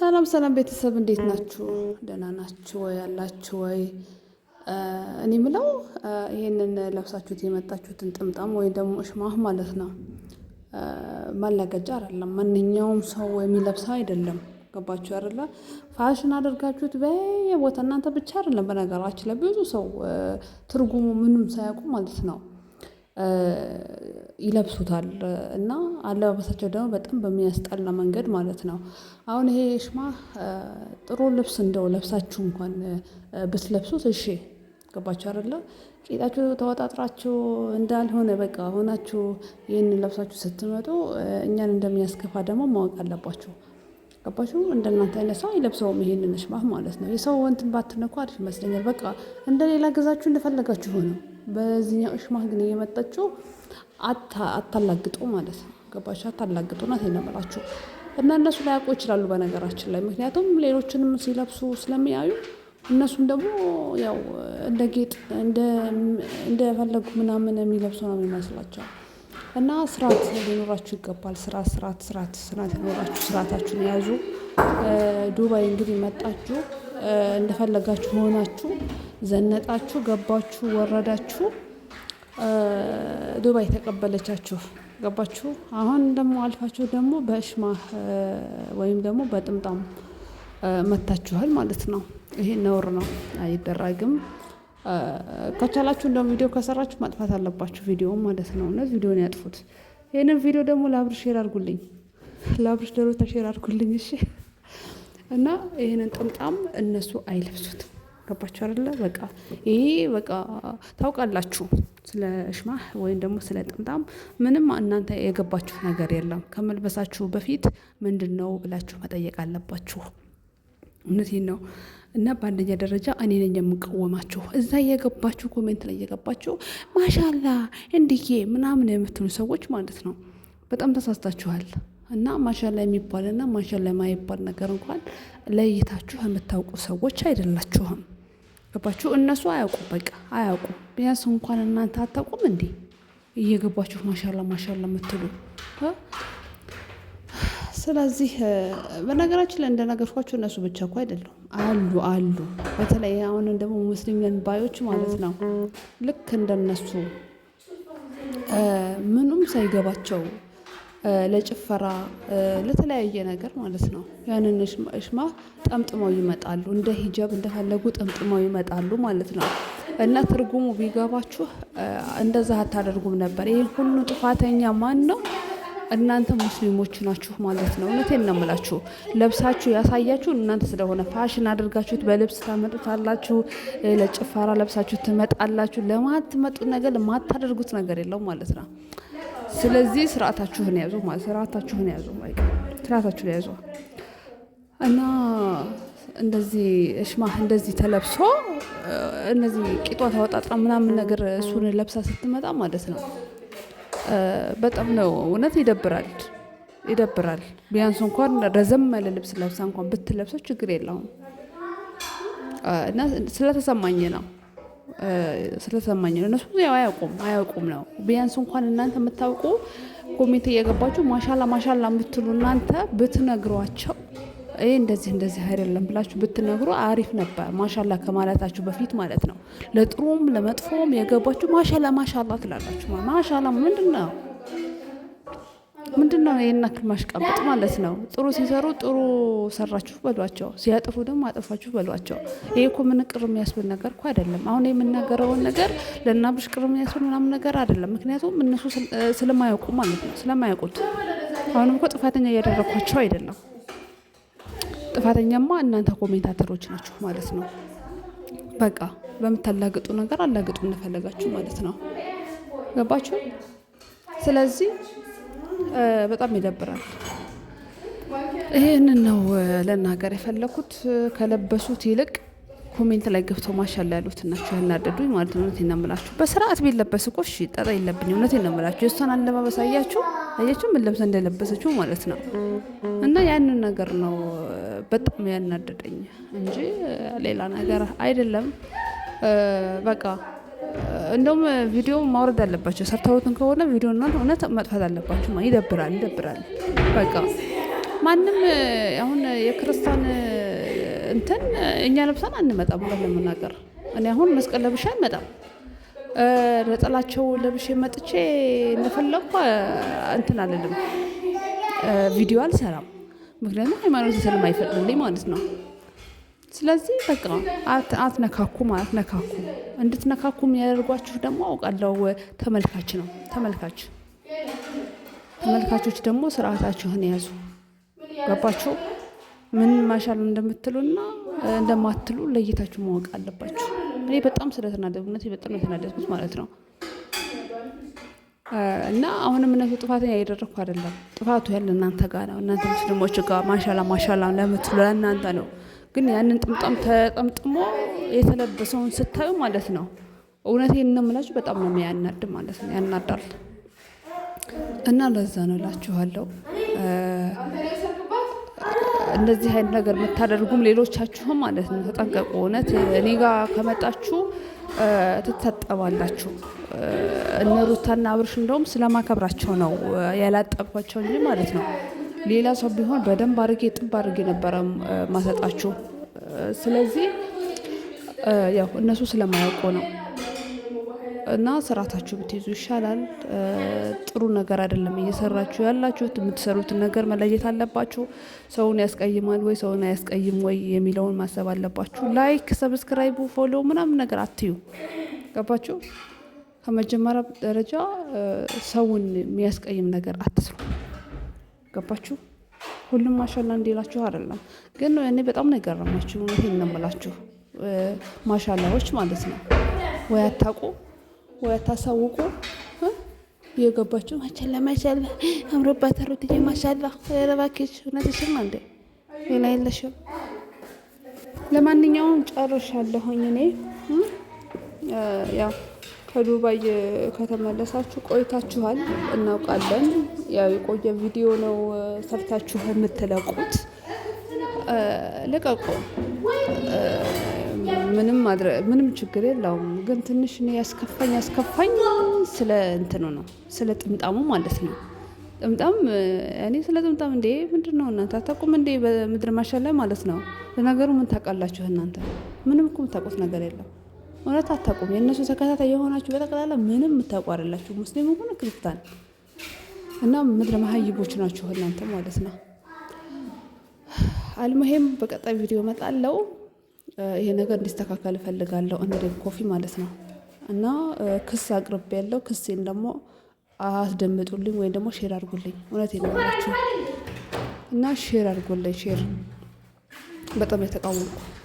ሰላም ሰላም ቤተሰብ እንዴት ናችሁ? ደህና ናችሁ ወይ? አላችሁ ወይ? እኔ ምለው ይሄንን ለብሳችሁት የመጣችሁትን ጥምጣም ወይም ደግሞ እሽማህ ማለት ነው ማላገጫ አይደለም። ማንኛውም ሰው የሚለብሰው አይደለም። ገባችሁ አይደለ? ፋሽን አድርጋችሁት በየቦታ እናንተ ብቻ አይደለም። በነገራችን ለብዙ ሰው ትርጉሙ ምንም ሳያውቁ ማለት ነው ይለብሱታል እና አለባበሳቸው ደግሞ በጣም በሚያስጠላ መንገድ ማለት ነው። አሁን ይሄ ሽማ ጥሩ ልብስ እንደው ለብሳችሁ እንኳን ብትለብሱት እሺ ገባችሁ አይደለ ቂጣችሁ ተወጣጥራችሁ እንዳልሆነ በቃ ሆናችሁ ይህንን ለብሳችሁ ስትመጡ እኛን እንደሚያስከፋ ደግሞ ማወቅ አለባችሁ። ገባችሁ እንደናንተ አይነት ሰው አይለብሰውም ይሄንን ሽማ ማለት ነው። የሰው ወንትን ባትነኩ አሪፍ ይመስለኛል። በቃ እንደሌላ ገዛችሁ እንደፈለጋችሁ ሆነው በዚህኛው ሽማግሌ የመጣችው አታላግጡ ማለት ነው። ገባችሁ? አታላግጡ ናት የምላችሁ እና እነሱ ላያውቁ ይችላሉ በነገራችን ላይ ምክንያቱም ሌሎችንም ሲለብሱ ስለሚያዩ እነሱም ደግሞ ያው እንደ ጌጥ እንደፈለጉ ምናምን የሚለብሱ ነው የሚመስላቸው እና ስርዓት ሊኖራችሁ ይገባል። ስርዓት ስርዓት ስርዓት ስርዓት ሊኖራችሁ ስርዓታችሁን የያዙ ዱባይ እንግዲህ መጣችሁ እንደፈለጋችሁ መሆናችሁ ዘነጣችሁ ገባችሁ ወረዳችሁ ዱባይ ተቀበለቻችሁ ገባችሁ። አሁን ደግሞ አልፋችሁ ደግሞ በእሽማ ወይም ደግሞ በጥምጣም መታችኋል ማለት ነው። ይሄ ነውር ነው፣ አይደረግም። ከቻላችሁ እንደውም ቪዲዮ ከሰራችሁ ማጥፋት አለባችሁ ቪዲዮ ማለት ነው። እነዚህ ቪዲዮን ያጥፉት። ይህንን ቪዲዮ ደግሞ ለአብር ሼር አድርጉልኝ፣ ለአብር ደሮታ ሼር አድርጉልኝ። እሺ። እና ይህንን ጥምጣም እነሱ አይለብሱትም። ገባችሁ አይደለ? በቃ ይሄ በቃ ታውቃላችሁ። ስለ ሽማህ ወይም ደግሞ ስለ ጥምጣም ምንም እናንተ የገባችሁ ነገር የለም። ከመልበሳችሁ በፊት ምንድን ነው ብላችሁ መጠየቅ አለባችሁ። እውነቴን ነው። እና በአንደኛ ደረጃ እኔ ነኝ የምቃወማችሁ። እዛ እየገባችሁ ኮሜንት ላይ እየገባችሁ ማሻላ እንዲዬ ምናምን የምትሉ ሰዎች ማለት ነው በጣም ተሳስታችኋል። እና ማሻላ የሚባልና ማሻላ የማይባል ነገር እንኳን ለይታችሁ የምታውቁ ሰዎች አይደላችሁም። ገባችሁ? እነሱ አያውቁ በቃ አያውቁ ቢያንስ እንኳን እናንተ አታውቁም እንዴ? እየገባችሁ ማሻላ ማሻላ የምትሉ ስለዚህ በነገራችን ላይ እንደነገርኳቸው እነሱ ብቻ እኮ አይደለም አሉ አሉ። በተለይ አሁን ደግሞ ሙስሊም ነን ባዮች ማለት ነው ልክ እንደነሱ ምኑም ሳይገባቸው ለጭፈራ ለተለያየ ነገር ማለት ነው። ያንን እሽማ ጠምጥመው ይመጣሉ። እንደ ሂጃብ እንደፈለጉ ጠምጥመው ይመጣሉ ማለት ነው። እና ትርጉሙ ቢገባችሁ እንደዛ አታደርጉም ነበር። ይህ ሁሉ ጥፋተኛ ማን ነው? እናንተ ሙስሊሞች ናችሁ ማለት ነው። እውነቴን ነው የምላችሁ። ለብሳችሁ ያሳያችሁ እናንተ ስለሆነ ፋሽን አድርጋችሁት በልብስ ታመጡታላችሁ፣ ለጭፈራ ለብሳችሁ ትመጣላችሁ። ለማትመጡት ነገር ለማታደርጉት ነገር የለው ማለት ነው። ስለዚህ ስርዓታችሁን ያዙ ማለት ስርዓታችሁን ያዙ ስርዓታችሁን ያዙ እና እንደዚህ እሽማህ እንደዚህ ተለብሶ እነዚህ ቂጧ ተወጣጥራ ምናምን ነገር እሱን ለብሳ ስትመጣ ማለት ነው። በጣም ነው እውነት ይደብራል፣ ይደብራል። ቢያንስ እንኳን ረዘም ያለ ልብስ ለብሳ እንኳን ብትለብሰው ችግር የለውም እና ስለተሰማኝ ነው። ስለተሰማኝ ነው። እነሱ ያው አያውቁም አያውቁም ነው። ቢያንስ እንኳን እናንተ የምታውቁ ኮሜንት እየገባችሁ ማሻላ ማሻላ የምትሉ እናንተ ብትነግሯቸው ይህ እንደዚህ እንደዚህ አይደለም ብላችሁ ብትነግሩ አሪፍ ነበር። ማሻላ ከማለታችሁ በፊት ማለት ነው። ለጥሩም ለመጥፎም የገባችሁ ማሻላ ማሻላ ትላላችሁ። ማሻላ ምንድን ነው? ምንድን ነው ይህን ያክል ማሽቃበጥ ማለት ነው? ጥሩ ሲሰሩ ጥሩ ሰራችሁ በሏቸው፣ ሲያጥፉ ደግሞ አጠፋችሁ በሏቸው። ይሄ እኮ ምን ቅር የሚያስብል ነገር እኮ አይደለም። አሁን የምናገረውን ነገር ለእናብሽ ቅር የሚያስብል ምናምን ነገር አይደለም። ምክንያቱም እነሱ ስለማያውቁ ማለት ነው፣ ስለማያውቁት። አሁንም እኮ ጥፋተኛ እያደረኳቸው አይደለም። ጥፋተኛማ እናንተ ኮሜንታተሮች ናችሁ ማለት ነው። በቃ በምታላግጡ ነገር አላግጡ እንፈለጋችሁ ማለት ነው። ገባችሁ? ስለዚህ በጣም ይደብራል። ይህንን ነው ለናገር የፈለኩት። ከለበሱት ይልቅ ኮሜንት ላይ ገብተው ማሻላ ያሉት ናቸው ያናደዱኝ ማለት ነው። እውነቴን ነው የምላችሁ። በስርዓት ቢለበስ እኮ እሺ ጠጣ የለብኝ። እውነቴን ነው የምላችሁ። የእሷን አለባበስ አያችሁ፣ አያችሁ ምን ለብሰ እንደለበሰችው ማለት ነው። እና ያንን ነገር ነው በጣም ያናደደኝ እንጂ ሌላ ነገር አይደለም በቃ እንደውም ቪዲዮ ማውረድ አለባቸው። ሰርተውትን ከሆነ ቪዲዮ እና እውነት መጥፋት አለባቸው። ይደብራል፣ ይደብራል። በቃ ማንም አሁን የክርስቲያን እንትን እኛ ለብሰን አንመጣም። ሁለት ለመናገር እኔ አሁን መስቀል ለብሼ አንመጣም። ነጠላቸው ለብሼ መጥቼ እንደፈለግኩ እንትን አልልም፣ ቪዲዮ አልሰራም። ምክንያቱም ሃይማኖት ስለማይፈቅድልኝ ማለት ነው። ስለዚህ በቃ አትነካኩ ማለት ነካኩ። እንድትነካኩ የሚያደርጓችሁ ደግሞ አውቃለሁ ተመልካች ነው። ተመልካች ተመልካቾች ደግሞ ስርዓታችሁን ያዙ። ገባችሁ? ምን ማሻል እንደምትሉና እንደማትሉ ለይታችሁ ማወቅ አለባችሁ። እኔ በጣም ስለተናደድኩነት በጣም የተናደድኩት ማለት ነው። እና አሁንም እነሱ ጥፋተኛ እያደረግኩ አይደለም። ጥፋቱ ያለ እናንተ ጋር ነው። እናንተ ሙስሊሞች ጋር ማሻላ ማሻላ ለምትሉ ለእናንተ ነው። ግን ያንን ጥምጣም ተጠምጥሞ የተለበሰውን ስታዩ ማለት ነው እውነቴን ነው የምላችሁ በጣም ነው የሚያናድ ማለት ነው ያናዳል። እና ለዛ ነው እላችኋለሁ እንደዚህ አይነት ነገር የምታደርጉም ሌሎቻችሁም ማለት ነው ተጠንቀቁ። እውነት እኔ ጋር ከመጣችሁ ትታጠባላችሁ። እነ ሩታና አብርሽ እንደውም ስለማከብራቸው ነው ያላጠብኳቸው እንጂ ማለት ነው ሌላ ሰው ቢሆን በደንብ አድርጌ ጥብ አድርጌ ነበረ ማሰጣችሁ። ስለዚህ ያው እነሱ ስለማያውቁ ነው። እና ስርዓታችሁ ብትይዙ ይሻላል። ጥሩ ነገር አይደለም እየሰራችሁ ያላችሁት። የምትሰሩትን ነገር መለየት አለባችሁ። ሰውን ያስቀይማል ወይ ሰውን አያስቀይም ወይ የሚለውን ማሰብ አለባችሁ። ላይክ፣ ሰብስክራይቡ፣ ፎሎ ምናምን ነገር አትዩ። ገባችሁ? ከመጀመሪያ ደረጃ ሰውን የሚያስቀይም ነገር አትስሩ። ገባችሁ? ሁሉም ማሻላ እንዲላችሁ አይደለም። ግን እኔ በጣም ነው የገረማችሁ። ይሄን ነው የምላችሁ ማሻላዎች ማለት ነው። ወይ አታውቁ ወይ አታሳውቁ የገባችሁ ማሻላ ማሻላ አምሮባት ሩትዬ ማሻላ ረባኬች እውነትሽም አንዴ ሌላ የለሽም። ለማንኛውም ጨርሻለሁኝ እኔ ያው ከዱባይ ከተመለሳችሁ ቆይታችኋል እናውቃለን። ያው የቆየ ቪዲዮ ነው ሰርታችሁ የምትለቁት። ልቀቁ፣ ምንም ችግር የለውም። ግን ትንሽ እኔ ያስከፋኝ ያስከፋኝ ስለ እንትኑ ነው ስለ ጥምጣሙ ማለት ነው። ጥምጣም እኔ ስለ ጥምጣም እንዴ ምንድን ነው እናንተ አታውቁም እንዴ? በምድር ማሻል ላይ ማለት ነው። ለነገሩ ምን ታውቃላችሁ እናንተ? ምንም እኮ የምታውቁት ነገር የለም። እውነት አታውቁም። የእነሱ ተከታታይ የሆናችሁ በጠቅላላ ምንም የምታቋርላችሁ ሙስሊም ሆነ ክርስቲያን እና ምድረ መሀይቦች ናችሁ እናንተ ማለት ነው። አልሙሄም በቀጣይ ቪዲዮ መጣለው ይሄ ነገር እንዲስተካከል እፈልጋለሁ። እንደ ኮፊ ማለት ነው እና ክስ አቅርቤ ያለው ክሴን ደግሞ አስደምጡልኝ ወይም ደግሞ ሼር አድርጉልኝ። እውነት የነገራችሁ እና ሼር አድርጉልኝ። ሼር በጣም የተቃወምኩ